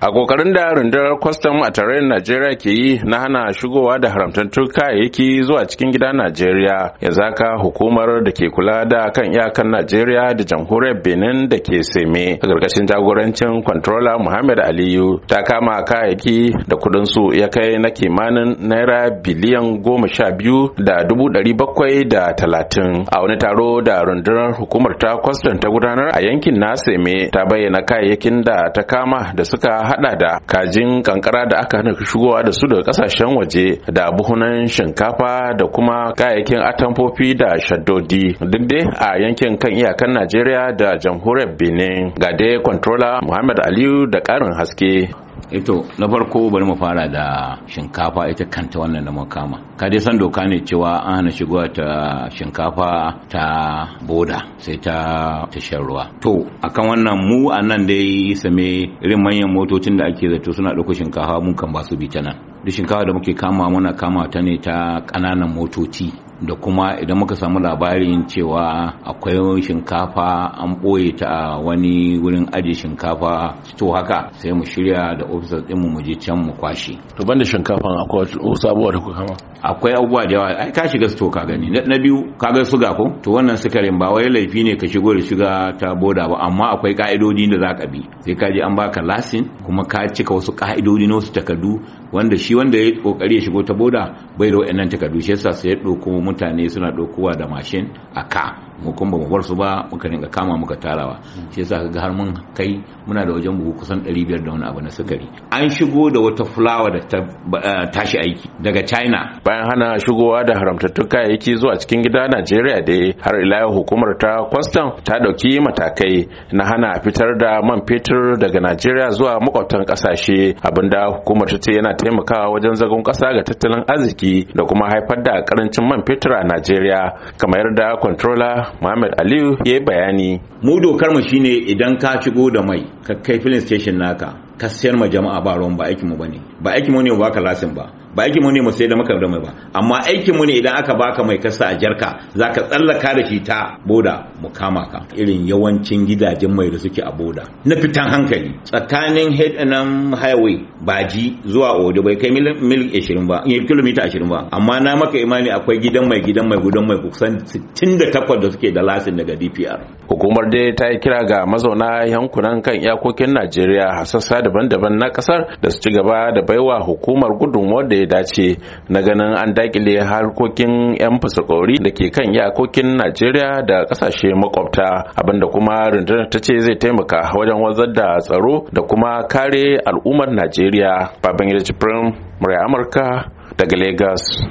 a kokarin da rundunar kwastam a tarayyar najeriya ke yi na hana shigowa da haramtattun kayayyaki zuwa cikin gida najeriya ya zaka hukumar da ke kula da kan iyakan najeriya da jamhuriyar benin da ke seme a ƙarƙashin jagorancin kwantrola muhammad aliyu ta kama kayayyaki da kudin su ya kai na kimanin naira biliyan goma sha biyu da dubu ɗari bakwai da talatin a wani taro da rundunar hukumar ta kwastam ta gudanar a yankin na seme ta bayyana kayayyakin da ta kama da suka hada da kajin kankara da aka hana shigowa da su daga kasashen waje da buhunan shinkafa da kuma kayayyakin atamfofi da shaddodi duk dai a yankin kan iyakan najeriya da jamhuriyar benin ga dai controller muhammad aliyu da karin haske ito eh na farko bari mu fara da shinkafa ita kanta wannan da makama ka dai san doka ne cewa an hana shigowa ta shinkafa ta boda sai ta tashar ruwa to akan wannan mu a nan dai same irin manyan motocin da ake zato suna ɗauko shinkafa mun kan ba su bi ta nan duk shinkafa da muke kama muna kama ta ne ta ƙananan motoci da kuma idan muka samu labarin cewa akwai shinkafa an ɓoye ta a wani wurin ajiye shinkafa to haka sai mu shirya da ofisar ɗinmu mu je can mu kwashe. To banda shinkafan akwai wasu abubuwa da kuka kama? Akwai abubuwa da yawa ai ka shiga to ka gani na biyu ka ga suga ko to wannan sukarin ba wai laifi ne ka shigo da shiga ta boda ba amma akwai ka'idodi da za ka bi sai ka je an baka lasin kuma ka cika wasu ka'idodi na wasu takardu wanda shi wanda ya kokari ya shigo ta boda bai da waɗannan takardu shi yasa sai ya ɗauko mutane suna ɗaukowa da mashin a ka mu kuma mu bar su ba muka ringa kama muka tarawa shi yasa ga har mun kai muna da wajen buhu kusan 500 da wani abu na sukari an shigo da wata fulawa da ta eh, tashi aiki daga China bayan hana shigowa da haramtattun kayayyaki zuwa cikin gida Najeriya da har ila hukumar ta Kwastam ta dauki matakai na hana fitar da man fetur daga Najeriya zuwa makwabtan kasashe abinda hukumar ta ce yana taimakawa wajen zagon kasa ga tattalin arziki da kuma haifar da karancin man fetur a Najeriya kamar da controller Muhammad Aliyu ya yi bayani. Mu dokar mu shine idan ka shigo da mai ka kai filin station naka ka sayar ma jama'a ba ruwan ba aikin mu bane ba aikin mu ne ba ka lasin ba ba aikin mu ne mu sayar da maka da mai ba amma aikin mu ne idan aka baka mai kasa a jarka zaka tsallaka da shi ta boda mu kama ka irin yawancin gidajen mai da suke a boda na fitan hankali tsakanin head nan highway baji zuwa odo bai kai mil 20 ba eh, kilomita 20 ba amma na maka imani akwai gidan mai gidan mai gudan mai kusan 68 da suke da lasin daga DPR hukumar dai ta yi kira ga mazauna yankunan kan iyakokin Najeriya hasassa da daban-daban na kasar da su ci gaba da baiwa hukumar gudunmuwar da ya dace na ganin an dakile harkokin 'yan fasakori da ke kan iyakokin najeriya da kasashe makwabta abinda kuma rundunar ta ce zai taimaka wajen wazar da tsaro da kuma kare al'ummar najeriya babangida amurka daga lagos